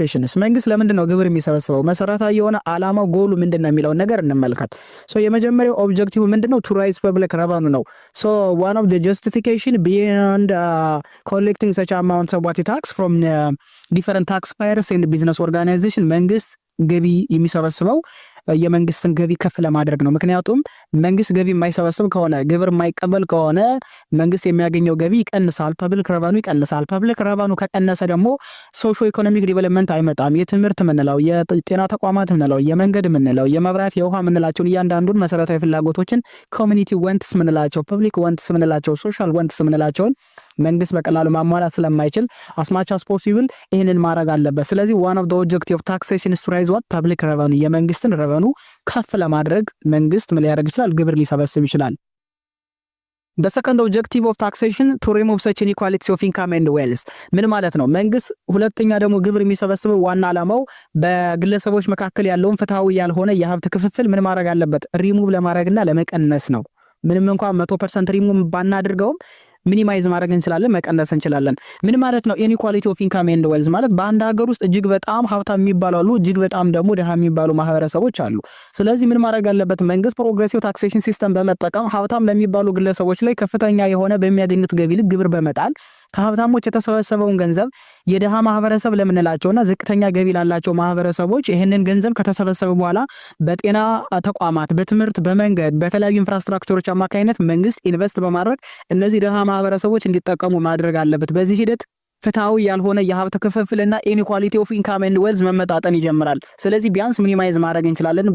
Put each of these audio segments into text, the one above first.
ፔሽንስ መንግስት ለምንድን ነው ግብር የሚሰበስበው? መሰረታዊ የሆነ አላማው ጎሉ ምንድን ነው የሚለውን ነገር እንመልከት። ሶ የመጀመሪያው ኦብጀክቲቭ ምንድን ነው? ቱ ራይዝ ፐብሊክ ረቫኑ ነው። ሶ ዋን ኦፍ ዘ ጀስቲፊኬሽን ቢዮንድ ኮሌክቲንግ ሰች አማውንት ዋት ታክስ ፍሮም ዲፈረንት ታክስ ፓየርስ ኤንድ ቢዝነስ ኦርጋናይዜሽን መንግስት ገቢ የሚሰበስበው የመንግስትን ገቢ ከፍ ለማድረግ ነው። ምክንያቱም መንግስት ገቢ የማይሰበስብ ከሆነ ግብር የማይቀበል ከሆነ መንግስት የሚያገኘው ገቢ ይቀንሳል፣ ፐብሊክ ረቫኑ ይቀንሳል። ፐብሊክ ረቫኑ ከቀነሰ ደግሞ ሶሾ ኢኮኖሚክ ዲቨሎፕመንት አይመጣም። የትምህርት ምንለው፣ የጤና ተቋማት ምንለው፣ የመንገድ ምንለው፣ የመብራት የውሃ ምንላቸውን እያንዳንዱን መሰረታዊ ፍላጎቶችን ኮሚኒቲ ወንትስ ምንላቸው፣ ፐብሊክ ወንትስ ምንላቸው፣ ሶሻል ወንትስ ምንላቸውን መንግስት በቀላሉ ማሟላት ስለማይችል አስማች አስ ፖሲብል ይህንን ማድረግ አለበት። ስለዚህ ዋን ኦፍ ኦብጀክቲቭ ታክሴሽን ስትራይዝ ዋት ፐብሊክ ረቨኑ የመንግስትን ረቨኑ ከፍ ለማድረግ መንግስት ምን ሊያደርግ ይችላል? ግብር ሊሰበስብ ይችላል። በሰከንድ ኦብጀክቲቭ ኦፍ ታክሴሽን ቱ ሪሙቭ ሰች ኢኒኳሊቲ ኦፍ ኢንካም ኤንድ ዌልስ ምን ማለት ነው? መንግስት ሁለተኛ ደግሞ ግብር የሚሰበስበው ዋና ዓላማው በግለሰቦች መካከል ያለውን ፍትሐዊ ያልሆነ የሀብት ክፍፍል ምን ማድረግ አለበት? ሪሙቭ ለማድረግና ለመቀነስ ነው። ምንም እንኳ መቶ ፐርሰንት ሪሙቭ ባናድርገውም ሚኒማይዝ ማድረግ እንችላለን፣ መቀነስ እንችላለን። ምን ማለት ነው? ኢኒኳሊቲ ኦፍ ኢንካም ኤንድ ዌልዝ ማለት በአንድ ሀገር ውስጥ እጅግ በጣም ሀብታም የሚባሉ አሉ፣ እጅግ በጣም ደግሞ ድሃ የሚባሉ ማህበረሰቦች አሉ። ስለዚህ ምን ማድረግ አለበት መንግስት? ፕሮግሬሲቭ ታክሴሽን ሲስተም በመጠቀም ሀብታም ለሚባሉ ግለሰቦች ላይ ከፍተኛ የሆነ በሚያገኙት ገቢ ልክ ግብር በመጣል ከሀብታሞች የተሰበሰበውን ገንዘብ የድሃ ማህበረሰብ ለምንላቸውና ዝቅተኛ ገቢ ላላቸው ማህበረሰቦች ይህንን ገንዘብ ከተሰበሰበ በኋላ በጤና ተቋማት፣ በትምህርት፣ በመንገድ፣ በተለያዩ ኢንፍራስትራክቸሮች አማካኝነት መንግስት ኢንቨስት በማድረግ እነዚህ ድሃ ማህበረሰቦች እንዲጠቀሙ ማድረግ አለበት። በዚህ ሂደት ፍትሐዊ ያልሆነ የሀብት ክፍፍልና ኢኒኳሊቲ ኦፍ ኢንካም ኤንድ ዌልዝ መመጣጠን ይጀምራል። ስለዚህ ቢያንስ ሚኒማይዝ ማድረግ እንችላለን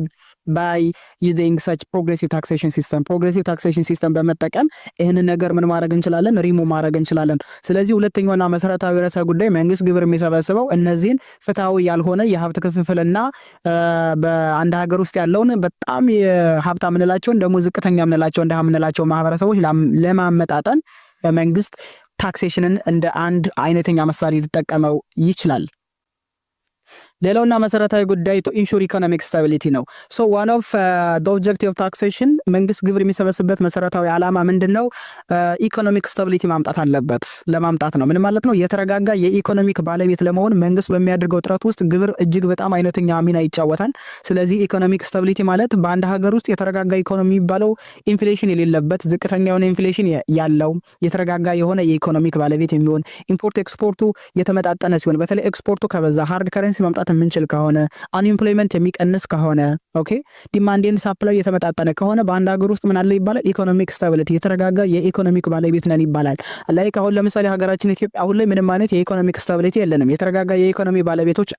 ባይ ዩዚንግ ሰች ፕሮግሬሲቭ ታክሴሽን ሲስተም ፕሮግሬሲቭ ታክሴሽን ሲስተም በመጠቀም ይህንን ነገር ምን ማድረግ እንችላለን? ሪሞ ማድረግ እንችላለን። ስለዚህ ሁለተኛውና መሰረታዊ ርዕሰ ጉዳይ መንግስት ግብር የሚሰበስበው እነዚህን ፍትሐዊ ያልሆነ የሀብት ክፍፍልና በአንድ ሀገር ውስጥ ያለውን በጣም ሀብታ ምንላቸውን ደግሞ ዝቅተኛ ምንላቸው እንደ ምንላቸው ማህበረሰቦች ለማመጣጠን መንግስት ታክሴሽንን እንደ አንድ አይነተኛ መሳሪ ሊጠቀመው ይችላል። ሌላውና መሰረታዊ ጉዳይ ኢንሹር ኢኮኖሚክ ስታቢሊቲ ነው። ሶ ዋን ኦፍ ኦብጀክት ኦፍ ታክሴሽን መንግስት ግብር የሚሰበስበት መሰረታዊ ዓላማ ምንድን ነው? ኢኮኖሚክ ስታቢሊቲ ማምጣት አለበት ለማምጣት ነው። ምን ማለት ነው? የተረጋጋ የኢኮኖሚክ ባለቤት ለመሆን መንግስት በሚያደርገው ጥረት ውስጥ ግብር እጅግ በጣም አይነተኛ ሚና ይጫወታል። ስለዚህ ኢኮኖሚክ ስታቢሊቲ ማለት በአንድ ሀገር ውስጥ የተረጋጋ ኢኮኖሚ የሚባለው ኢንፍሌሽን የሌለበት ዝቅተኛ የሆነ ኢንፍሌሽን ያለው የተረጋጋ የሆነ የኢኮኖሚክ ባለቤት የሚሆን ኢምፖርት ኤክስፖርቱ የተመጣጠነ ሲሆን፣ በተለይ ኤክስፖርቱ ከበዛ ሀርድ ከረንሲ ማምጣት ማምጣት የምንችል ከሆነ አንኤምፕሎይመንት የሚቀንስ ከሆነ ኦኬ ዲማንዴን ሳፕላይ የተመጣጠነ ከሆነ በአንድ ሀገር ውስጥ ምን አለ ይባላል ኢኮኖሚክ ስታብሊቲ የተረጋጋ የኢኮኖሚክ ባለቤት ነን ይባላል። ላይክ አሁን ለምሳሌ ሀገራችን ኢትዮጵያ አሁን ላይ ምንም አይነት የኢኮኖሚክ ስታብሊቲ የለንም። የተረጋጋ የኢኮኖሚ ባለቤቶች